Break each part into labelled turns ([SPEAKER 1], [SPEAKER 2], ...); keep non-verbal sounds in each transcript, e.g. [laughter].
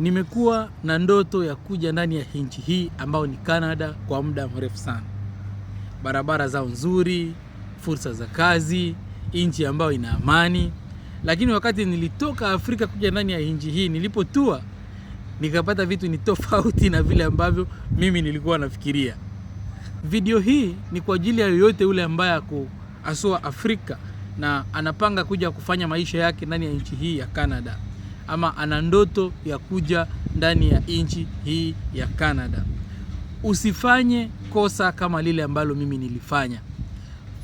[SPEAKER 1] Nimekuwa na ndoto ya kuja ndani ya nchi hii ambayo ni Canada kwa muda mrefu sana. Barabara zao nzuri, fursa za kazi, nchi ambayo ina amani. Lakini wakati nilitoka Afrika kuja ndani ya nchi hii, nilipotua nikapata vitu ni tofauti na vile ambavyo mimi nilikuwa nafikiria. Video hii ni kwa ajili ya yoyote yule ambaye ako asua Afrika na anapanga kuja kufanya maisha yake ndani ya nchi hii ya Canada ama ana ndoto ya kuja ndani ya nchi hii ya Canada, usifanye kosa kama lile ambalo mimi nilifanya.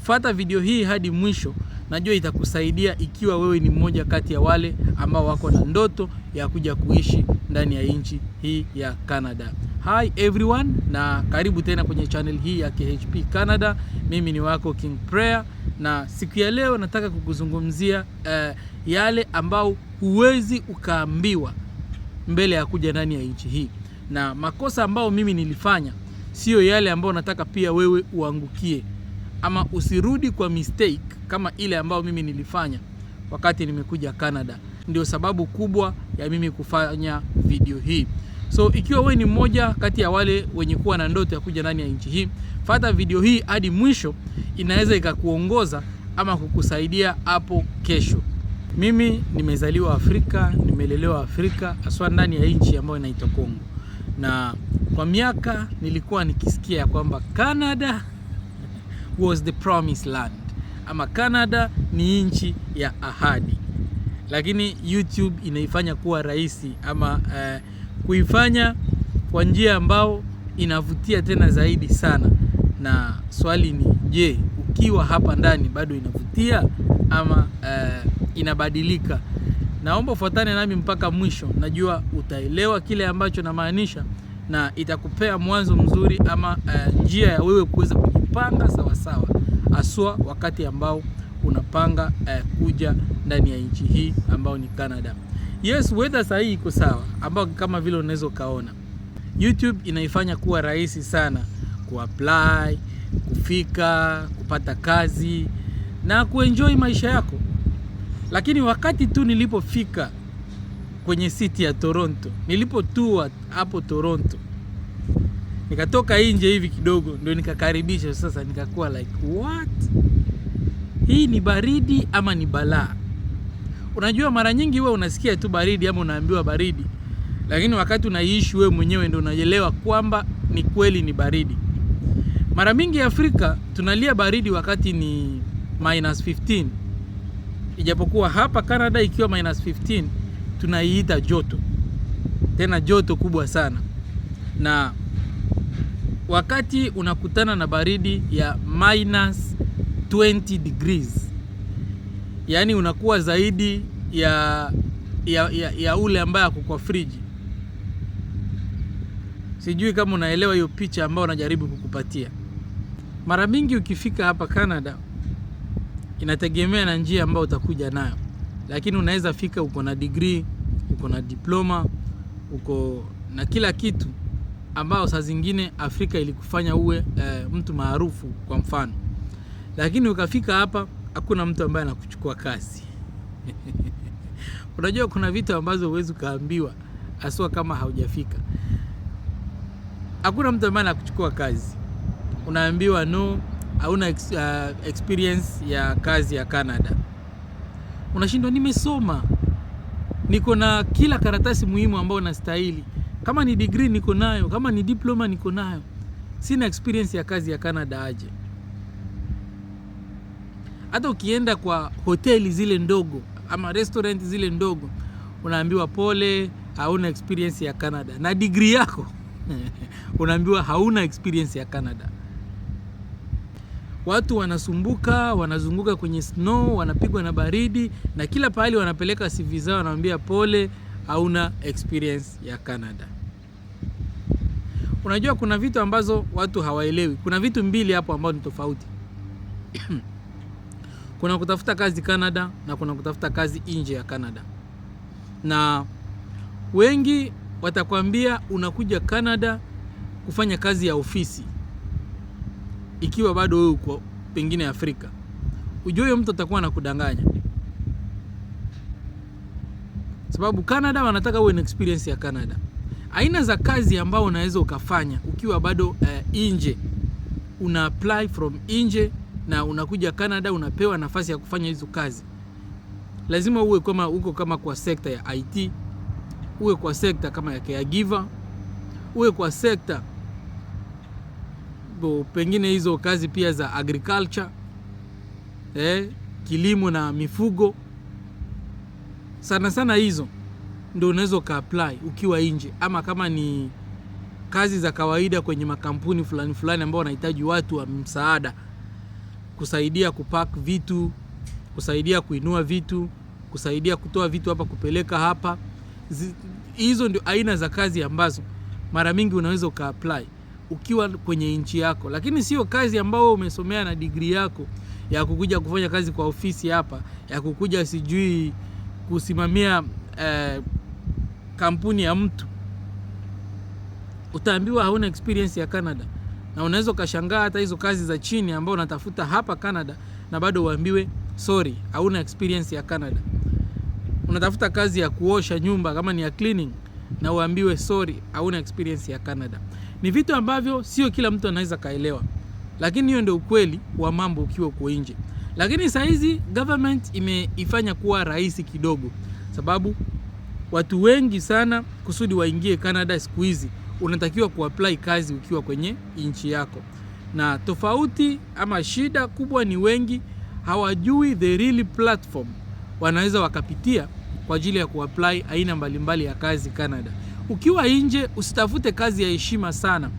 [SPEAKER 1] Fata video hii hadi mwisho, najua itakusaidia ikiwa wewe ni mmoja kati ya wale ambao wako na ndoto ya kuja kuishi ndani ya nchi hii ya Canada. Hi everyone na karibu tena kwenye channel hii ya KHP Canada. Mimi ni wako King Prayer na siku ya leo nataka kukuzungumzia uh, yale ambao huwezi ukaambiwa mbele ya kuja ndani ya nchi hii, na makosa ambayo mimi nilifanya siyo yale ambayo nataka pia wewe uangukie, ama usirudi kwa mistake kama ile ambayo mimi nilifanya wakati nimekuja Canada. Ndio sababu kubwa ya mimi kufanya video hii. So ikiwa wewe ni mmoja kati ya wale wenye kuwa na ndoto ya kuja ndani ya nchi hii, fata video hii hadi mwisho, inaweza ikakuongoza ama kukusaidia hapo kesho. Mimi nimezaliwa Afrika, nimelelewa Afrika, haswa ndani ya nchi ambayo inaitwa Kongo, na kwa miaka nilikuwa nikisikia ya kwamba Canada [laughs] was the promised land ama Canada ni nchi ya ahadi, lakini YouTube inaifanya kuwa rahisi ama uh, kuifanya kwa njia ambao inavutia tena zaidi sana. Na swali ni je, ukiwa hapa ndani bado inavutia ama uh, inabadilika. Naomba ufuatane nami mpaka mwisho, najua utaelewa kile ambacho namaanisha na itakupea mwanzo mzuri ama uh, njia ya wewe kuweza kujipanga sawasawa, haswa wakati ambao unapanga uh, kuja ndani ya nchi hii ambao ni Canada. Yes, weather sasa hii iko sawa, ambao kama vile unaweza ukaona YouTube inaifanya kuwa rahisi sana kuapply, kufika, kupata kazi na kuenjoy maisha yako. Lakini wakati tu nilipofika kwenye city ya Toronto, nilipotua hapo Toronto, nikatoka nje hivi kidogo, ndio nikakaribisha sasa. Nikakuwa like what, hii ni baridi ama ni balaa? Unajua, mara nyingi wewe unasikia tu baridi ama unaambiwa baridi, lakini wakati unaishi wewe mwenyewe ndio unaelewa kwamba ni kweli ni baridi. Mara mingi Afrika tunalia baridi wakati ni minus 15 ijapokuwa hapa Canada ikiwa minus 15 tunaiita joto, tena joto kubwa sana, na wakati unakutana na baridi ya minus 20 degrees, yaani unakuwa zaidi ya, ya, ya, ya ule ambaye ako kwa friji. Sijui kama unaelewa hiyo picha ambayo najaribu kukupatia. Mara mingi ukifika hapa Canada inategemea na njia ambayo utakuja nayo, lakini unaweza fika uko na degree, uko na diploma, uko na kila kitu ambao saa zingine Afrika ilikufanya uwe e, mtu maarufu kwa mfano, lakini ukafika hapa hakuna mtu ambaye anakuchukua kazi [laughs] unajua kuna vitu ambazo huwezi ukaambiwa haswa kama haujafika. Hakuna mtu ambaye anakuchukua kazi, unaambiwa no hauna ex, uh, experience ya kazi ya Canada, unashindwa. Nimesoma, niko na kila karatasi muhimu ambayo nastahili. Kama ni degree niko nayo, kama ni diploma niko nayo, sina experience ya kazi ya Canada aje? Hata ukienda kwa hoteli zile ndogo ama restaurant zile ndogo, unaambiwa pole, hauna experience ya Canada, na degree yako [laughs] unaambiwa hauna experience ya Canada watu wanasumbuka, wanazunguka kwenye snow, wanapigwa na baridi, na kila pahali wanapeleka CV zao, wanawambia pole, hauna experience ya Canada. Unajua, kuna vitu ambazo watu hawaelewi. Kuna vitu mbili hapo ambao ni tofauti [clears throat] kuna kutafuta kazi Canada na kuna kutafuta kazi nje ya Canada, na wengi watakwambia unakuja Canada kufanya kazi ya ofisi ikiwa bado wewe uko pengine Afrika, ujue huyo mtu atakuwa anakudanganya, sababu Canada wanataka uwe na experience ya Canada. Aina za kazi ambao unaweza ukafanya ukiwa bado uh, nje, una apply from nje na unakuja Canada, unapewa nafasi ya kufanya hizo kazi, lazima uwe kama uko kama kwa sekta ya IT, uwe kwa sekta kama ya caregiver, uwe kwa sekta pengine hizo kazi pia za agriculture eh, kilimo na mifugo sana sana, hizo ndio unaweza apply ukiwa nje, ama kama ni kazi za kawaida kwenye makampuni fulani fulani ambao wanahitaji watu wa msaada, kusaidia kupack vitu, kusaidia kuinua vitu, kusaidia kutoa vitu hapa kupeleka hapa. Hizo ndio aina za kazi ambazo mara mingi unaweza apply ukiwa kwenye nchi yako, lakini sio kazi ambayo umesomea na digri yako ya kukuja kufanya kazi kwa ofisi hapa ya kukuja sijui kusimamia eh, kampuni ya mtu. Utaambiwa hauna experience ya Canada, na unaweza ukashangaa hata hizo kazi za chini ambao unatafuta hapa Canada na bado uambiwe sorry, hauna experience ya Canada. Unatafuta kazi ya kuosha nyumba kama ni ya cleaning, na uambiwe sorry, hauna experience ya Canada. Ni vitu ambavyo sio kila mtu anaweza kaelewa, lakini hiyo ndio ukweli wa mambo ukiwa uko nje. Lakini saa hizi government imeifanya kuwa rahisi kidogo, sababu watu wengi sana kusudi waingie Canada siku hizi unatakiwa kuapply kazi ukiwa kwenye nchi yako, na tofauti ama shida kubwa ni wengi hawajui the real platform wanaweza wakapitia kwa ajili ya kuapply aina mbalimbali ya kazi Canada. Ukiwa nje usitafute kazi ya heshima sana,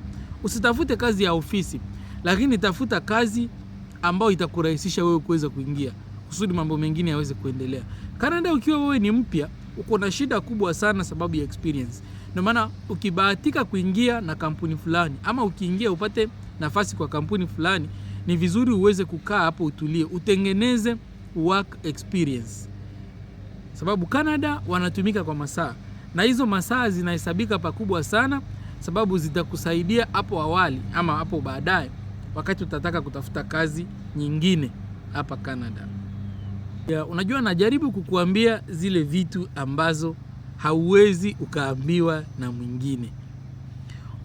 [SPEAKER 1] usitafute kazi ya ofisi, lakini tafuta kazi ambayo itakurahisisha wewe kuweza kuingia kusudi mambo mengine yaweze kuendelea. Canada ukiwa wewe ni mpya, uko na shida kubwa sana sababu ya experience. Ndio maana ukibahatika kuingia na kampuni fulani ama ukiingia upate nafasi kwa kampuni fulani, ni vizuri uweze kukaa hapo, utulie, utengeneze work experience, sababu Canada wanatumika kwa masaa na hizo masaa zinahesabika pakubwa sana, sababu zitakusaidia hapo awali ama hapo baadaye, wakati utataka kutafuta kazi nyingine hapa Canada. Ya, unajua najaribu kukuambia zile vitu ambazo hauwezi ukaambiwa na mwingine.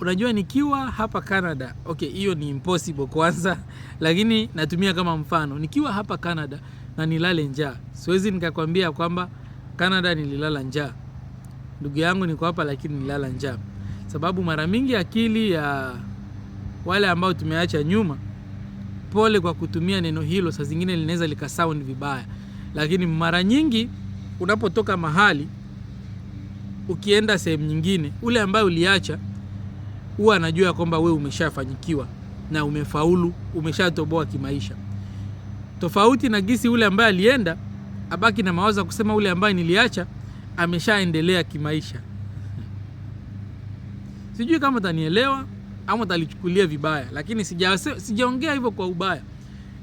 [SPEAKER 1] Unajua nikiwa hapa Canada, okay, hiyo ni impossible kwanza, [laughs] lakini natumia kama mfano. Nikiwa hapa Canada na nilale njaa, siwezi nikakwambia kwamba Canada nililala njaa ndugu yangu, niko hapa lakini nilala njaa, sababu mara mingi akili ya wale ambao tumeacha nyuma, pole kwa kutumia neno hilo, saa zingine linaweza likasound vibaya, lakini mara nyingi unapotoka mahali ukienda sehemu nyingine, ule ambaye uliacha huwa anajua kwamba wewe umeshafanyikiwa na umefaulu, umeshatoboa kimaisha, tofauti na gisi ule ambaye alienda abaki na mawazo ya kusema ule ambaye niliacha ameshaendelea kimaisha. Sijui kama tanielewa ama talichukulia vibaya, lakini sijaongea hivyo kwa ubaya.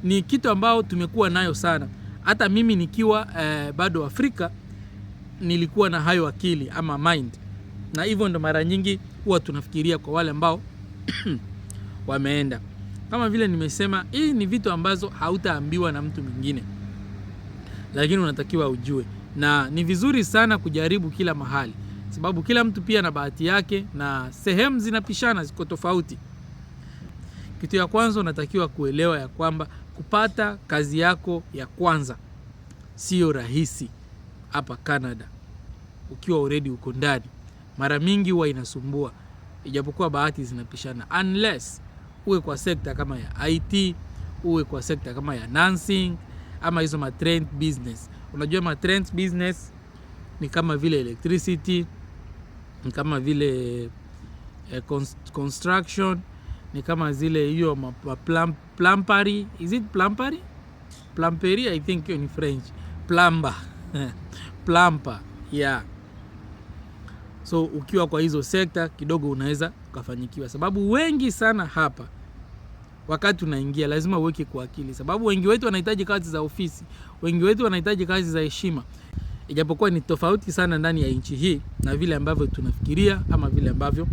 [SPEAKER 1] Ni kitu ambao tumekuwa nayo sana. Hata mimi nikiwa eh, bado Afrika nilikuwa na hayo akili ama mind, na hivyo ndo mara nyingi huwa tunafikiria kwa wale ambao [clears throat] wameenda. Kama vile nimesema, hii ni vitu ambazo hautaambiwa na mtu mwingine, lakini unatakiwa ujue na ni vizuri sana kujaribu kila mahali, sababu kila mtu pia na bahati yake na sehemu zinapishana, ziko tofauti. Kitu ya kwanza unatakiwa kuelewa ya kwamba kupata kazi yako ya kwanza sio rahisi hapa Canada ukiwa already uko ndani, mara mingi huwa inasumbua, ijapokuwa bahati zinapishana, unless uwe kwa sekta kama ya IT, uwe kwa sekta kama ya nursing ama hizo ma trend business. Unajua ma trends business ni kama vile electricity, ni kama vile eh, construction, ni kama zile hiyo plumpery. Is it plumpery? Plumpery, I think in ni French. Plumber. [laughs] plumper, Yeah. So ukiwa kwa hizo sekta kidogo unaweza ukafanyikiwa, sababu wengi sana hapa wakati unaingia lazima uweke kwa akili, sababu wengi wetu wanahitaji kazi za ofisi, wengi wetu wanahitaji kazi za heshima, ijapokuwa ni tofauti sana ndani ya nchi hii na vile ambavyo tunafikiria ama vile ambavyo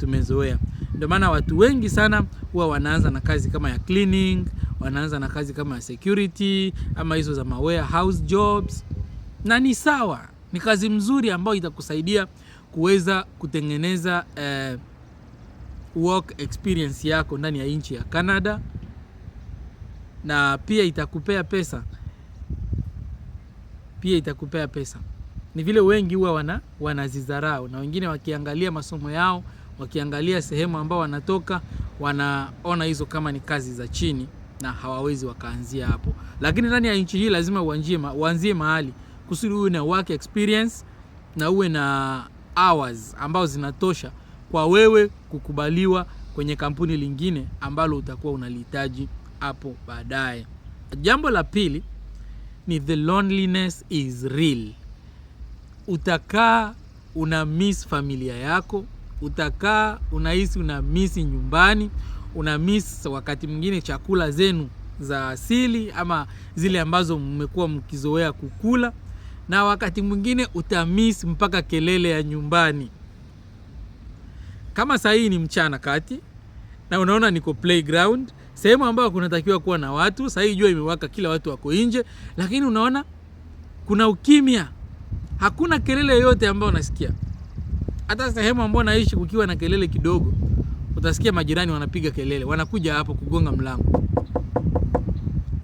[SPEAKER 1] tumezoea. Ndio maana watu wengi sana huwa wanaanza na kazi kama ya cleaning, wanaanza na kazi kama ya security ama hizo za warehouse jobs, na ni sawa, ni kazi mzuri ambayo itakusaidia kuweza kutengeneza eh, work experience yako ndani ya nchi ya Canada, na pia itakupea pesa, pia itakupea pesa. Ni vile wengi huwa wana wanazidharau, na wengine wakiangalia masomo yao, wakiangalia sehemu ambao wanatoka, wanaona hizo kama ni kazi za chini na hawawezi wakaanzia hapo, lakini ndani ya nchi hii lazima uanzie mahali kusudi uwe na work experience na uwe na hours ambao zinatosha kwa wewe kukubaliwa kwenye kampuni lingine ambalo utakuwa unalihitaji hapo baadaye. Jambo la pili ni the loneliness is real. Utakaa una miss familia yako, utakaa unahisi una miss nyumbani, una miss wakati mwingine chakula zenu za asili ama zile ambazo mmekuwa mkizoea kukula, na wakati mwingine utamiss mpaka kelele ya nyumbani. Kama saa hii ni mchana kati na unaona niko playground, sehemu ambayo kunatakiwa kuwa na watu. Saa hii jua imewaka, kila watu wako nje, lakini unaona kuna ukimya, hakuna kelele yoyote ambayo unasikia. Hata sehemu ambayo naishi kukiwa na kelele kidogo, utasikia majirani wanapiga kelele, wanakuja hapo kugonga mlango,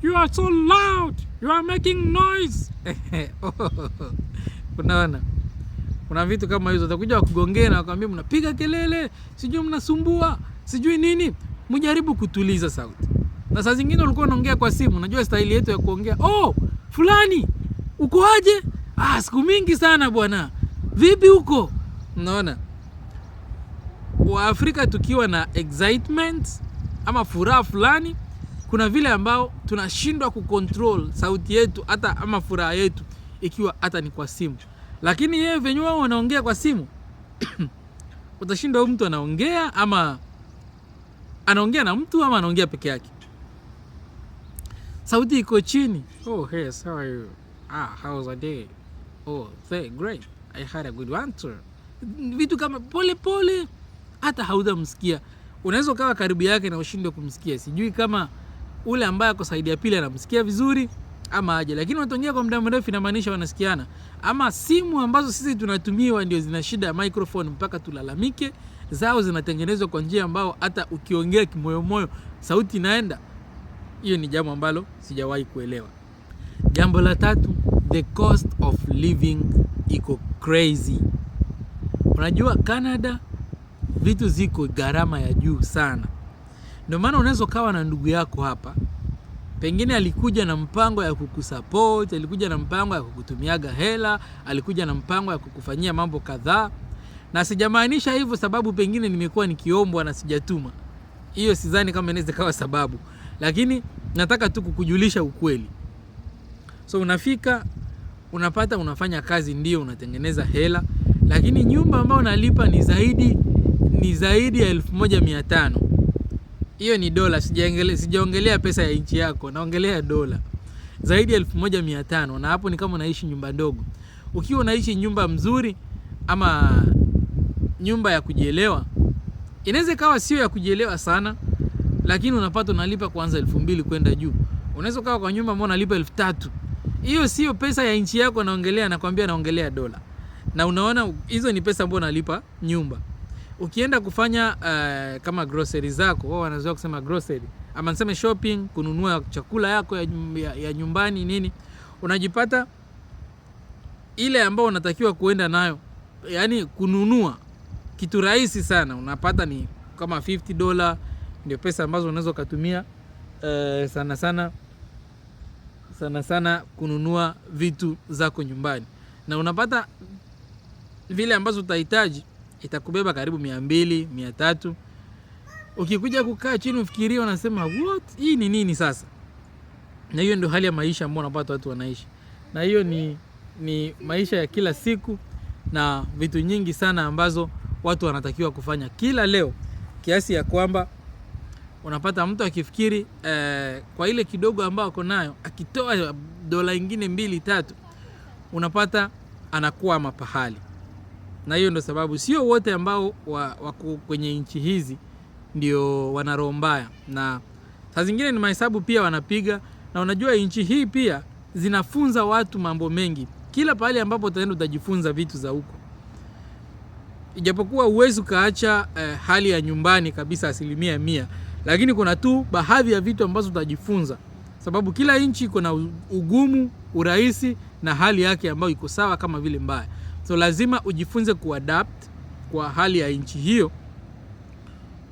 [SPEAKER 1] you are so loud, you are making noise. [laughs] Unaona kuna vitu kama hizo, watakuja wakugongee na wakwambia mnapiga kelele, sijui mnasumbua, sijui nini. Mjaribu kutuliza sauti. Na saa zingine ulikuwa unaongea kwa simu, unajua staili yetu ya kuongea, oh, fulani uko aje? Ah, siku mingi sana bwana, vipi huko? Unaona, Waafrika tukiwa na excitement ama furaha fulani, kuna vile ambao tunashindwa kucontrol sauti yetu hata ama furaha yetu, ikiwa hata ni kwa simu lakini yeye venye wao wanaongea kwa simu [clears throat] utashindwa huyu mtu anaongea ama anaongea na mtu ama anaongea peke yake, sauti iko chini. Oh, hey, how are you? Ah, how's the day? Oh, thank great. I had a good one too. Vitu kama pole pole, hata hautamsikia. Unaweza ukawa karibu yake na ushindwe kumsikia. Sijui kama ule ambaye ako saidi ya pili anamsikia vizuri ama aje, lakini wanatongea kwa muda mrefu, inamaanisha wanasikiana. Ama simu ambazo sisi tunatumiwa ndio zina shida ya microphone, mpaka tulalamike. Zao zinatengenezwa kwa njia ambao hata ukiongea kimoyomoyo sauti inaenda. Hiyo ni jambo ambalo sijawahi kuelewa. Jambo la tatu, the cost of living iko crazy. Unajua Canada vitu ziko gharama ya juu sana, ndio maana unaweza ukawa na ndugu yako hapa Pengine alikuja na mpango ya kukusupport, alikuja na mpango ya kukutumiaga hela, alikuja na mpango ya kukufanyia mambo kadhaa, na sijamaanisha hivyo sababu pengine nimekuwa nikiombwa na sijatuma. Hiyo sidhani kama inaweza kawa sababu, lakini nataka tu kukujulisha ukweli. So unafika unapata, unafanya kazi, ndio unatengeneza hela, lakini nyumba ambayo nalipa ni zaidi ni zaidi ya elfu moja mia tano hiyo ni dola, sijaongelea pesa ya nchi yako, naongelea dola zaidi ya elfu moja mia tano na hapo ni kama unaishi nyumba ndogo. Ukiwa unaishi nyumba mzuri ama nyumba ya kujielewa, inaweza ikawa sio ya kujielewa sana, lakini unapata unalipa kwanza elfu mbili kwenda juu. Unaweza ukawa kwa nyumba ambayo unalipa elfu tatu hiyo sio pesa ya nchi yako, naongelea, nakwambia naongelea dola, na unaona hizo ni pesa ambayo unalipa nyumba ukienda kufanya uh, kama grocery zako wao wanazoea kusema grocery ama niseme shopping, kununua chakula yako ya, ya, ya nyumbani nini, unajipata ile ambayo unatakiwa kuenda nayo, yani kununua kitu rahisi sana, unapata ni kama 50 dola, ndio pesa ambazo unaweza ukatumia uh, sana sana sana sana kununua vitu zako nyumbani, na unapata vile ambazo utahitaji itakubeba karibu mia mbili mia tatu Ukikuja kukaa chini ufikirie, unasema what, hii ni nini sasa? Na hiyo ndio hali ya maisha ambayo unapata watu wanaishi, na hiyo ni, ni maisha ya kila siku na vitu nyingi sana ambazo watu wanatakiwa kufanya kila leo, kiasi ya kwamba unapata mtu akifikiri eh, kwa ile kidogo ambayo ako nayo akitoa dola ingine mbili tatu, unapata anakuwa mapahali na hiyo ndo sababu sio wote ambao wako kwenye nchi hizi ndio wana roho mbaya, na saa zingine ni mahesabu pia wanapiga. Na unajua nchi hii pia zinafunza watu mambo mengi, kila pahali ambapo utaenda utajifunza vitu za huko, ijapokuwa huwezi ukaacha eh, hali ya nyumbani kabisa asilimia mia, lakini kuna tu baadhi ya vitu ambazo utajifunza, sababu kila nchi iko na ugumu, urahisi na hali yake ambayo iko sawa kama vile mbaya. So lazima ujifunze kuadapt kwa hali ya nchi hiyo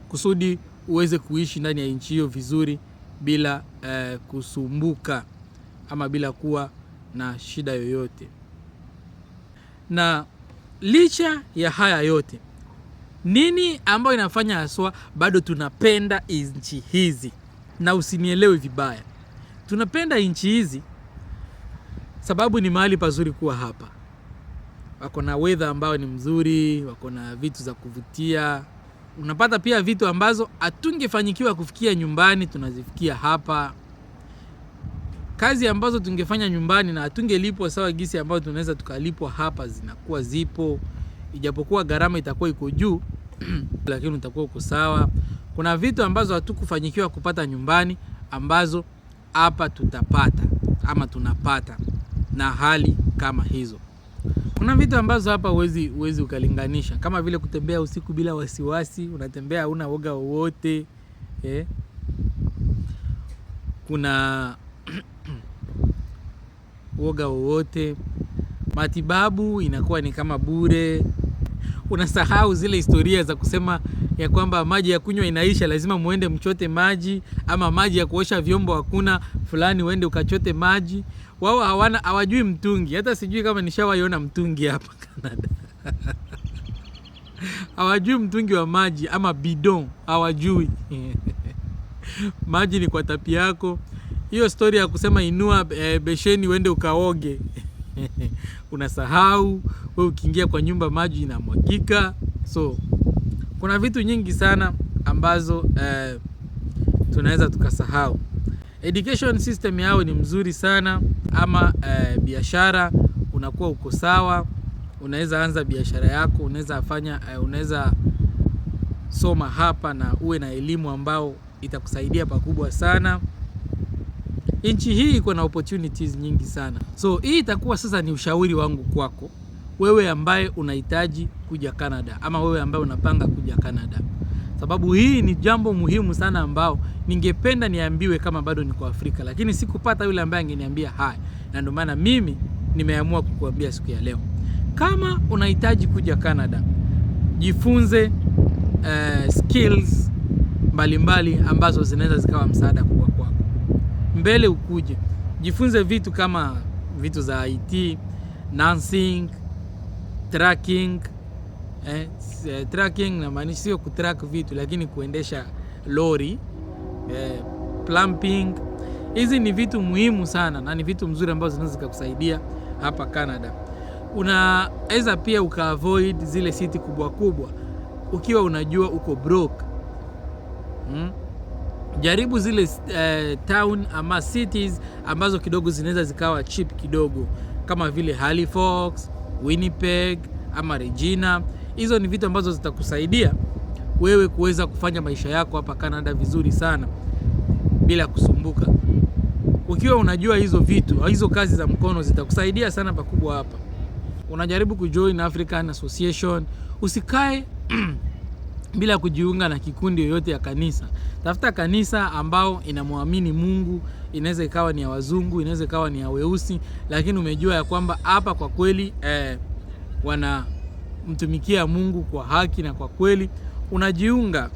[SPEAKER 1] kusudi uweze kuishi ndani ya nchi hiyo vizuri bila eh, kusumbuka ama bila kuwa na shida yoyote. Na licha ya haya yote, nini ambayo inafanya haswa bado tunapenda nchi hizi? Na usinielewe vibaya, tunapenda nchi hizi sababu ni mahali pazuri kuwa hapa wako na weather ambayo ni mzuri, wako na vitu za kuvutia. Unapata pia vitu ambazo hatungefanyikiwa kufikia nyumbani, tunazifikia hapa. Kazi ambazo tungefanya nyumbani na hatungelipwa sawa gisi ambayo tunaweza tukalipwa hapa, zinakuwa zipo, ijapokuwa gharama itakuwa iko juu [clears throat] lakini utakuwa uko sawa. Kuna vitu ambazo hatukufanyikiwa kupata nyumbani ambazo hapa tutapata ama tunapata na hali kama hizo. Kuna vitu ambazo hapa huwezi huwezi ukalinganisha kama vile kutembea usiku bila wasiwasi, unatembea hauna woga wowote eh. Kuna [clears throat] woga wowote, matibabu inakuwa ni kama bure unasahau zile historia za kusema ya kwamba maji ya kunywa inaisha, lazima muende mchote maji, ama maji ya kuosha vyombo hakuna, fulani uende ukachote maji. Wao hawana hawajui mtungi, hata sijui kama nishawaiona mtungi hapa [laughs] Canada hawajui mtungi wa maji ama bidon, hawajui [laughs] maji ni kwa tapi yako. Hiyo stori ya kusema inua e, besheni uende ukaoge [laughs] [laughs] unasahau wewe, ukiingia kwa nyumba maji inamwagika. So kuna vitu nyingi sana ambazo eh, tunaweza tukasahau. Education system yao ni mzuri sana ama eh, biashara unakuwa uko sawa, unaweza anza biashara yako, unaweza fanya eh, unaweza soma hapa na uwe na elimu ambao itakusaidia pakubwa sana nchi hii iko na opportunities nyingi sana. So hii itakuwa sasa ni ushauri wangu kwako wewe ambaye unahitaji kuja Canada ama wewe ambaye unapanga kuja Canada, sababu hii ni jambo muhimu sana ambao ningependa niambiwe kama bado niko Afrika, lakini sikupata yule ambaye angeniambia haya, na ndio maana mimi nimeamua kukuambia siku ya leo. Kama unahitaji kuja Canada, jifunze uh, skills mbalimbali mbali ambazo zinaweza zikawa msaada kubwa kwako mbele ukuje jifunze vitu kama vitu za IT, nursing, tracking eh, eh tracking namaanisha sio kutrack vitu lakini kuendesha lori eh, plumbing. Hizi ni vitu muhimu sana na ni vitu mzuri ambazo zinaweza zikakusaidia hapa Canada. Unaweza pia ukaavoid zile city kubwa kubwa ukiwa unajua uko broke. Hmm? jaribu zile uh, town ama cities ambazo kidogo zinaweza zikawa cheap kidogo, kama vile Halifax, Winnipeg ama Regina. Hizo ni vitu ambazo zitakusaidia wewe kuweza kufanya maisha yako hapa Canada vizuri sana bila kusumbuka. Ukiwa unajua hizo vitu, hizo kazi za mkono zitakusaidia sana pakubwa hapa. Unajaribu kujoin African Association, usikae [clears throat] bila kujiunga na kikundi yoyote ya kanisa. Tafuta kanisa ambao inamwamini Mungu, inaweza ikawa ni ya wazungu, inaweza ikawa ni ya weusi, lakini umejua ya kwamba hapa kwa kweli eh, wanamtumikia Mungu kwa haki na kwa kweli, unajiunga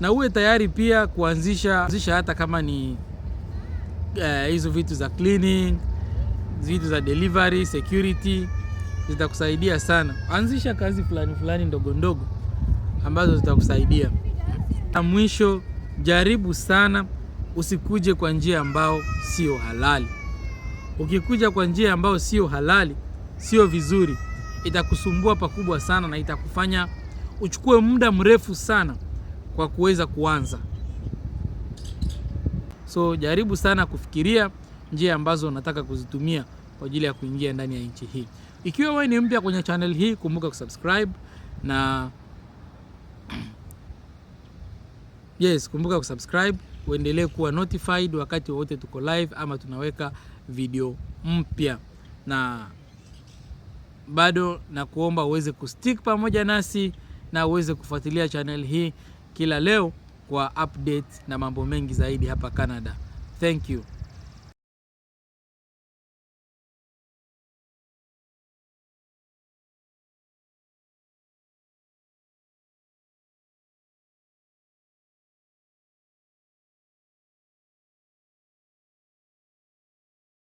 [SPEAKER 1] na uwe tayari pia kuanzisha, kuanzisha hata kama ni eh, hizo eh, vitu za cleaning, vitu za delivery, security zitakusaidia sana. Anzisha kazi fulani fulani ndogo ndogo ambazo zitakusaidia. Na mwisho, jaribu sana usikuje kwa njia ambao sio halali. Ukikuja kwa njia ambao sio halali, sio vizuri, itakusumbua pakubwa sana na itakufanya uchukue muda mrefu sana kwa kuweza kuanza. So jaribu sana kufikiria njia ambazo unataka kuzitumia kwa ajili ya kuingia ndani ya nchi hii. Ikiwa wewe ni mpya kwenye channel hii, kumbuka kusubscribe na Yes, kumbuka kusubscribe uendelee kuwa notified wakati wowote tuko live ama tunaweka video mpya, na bado na kuomba uweze kustick pamoja nasi na uweze kufuatilia channel hii kila leo kwa update na mambo mengi zaidi hapa Canada. Thank you.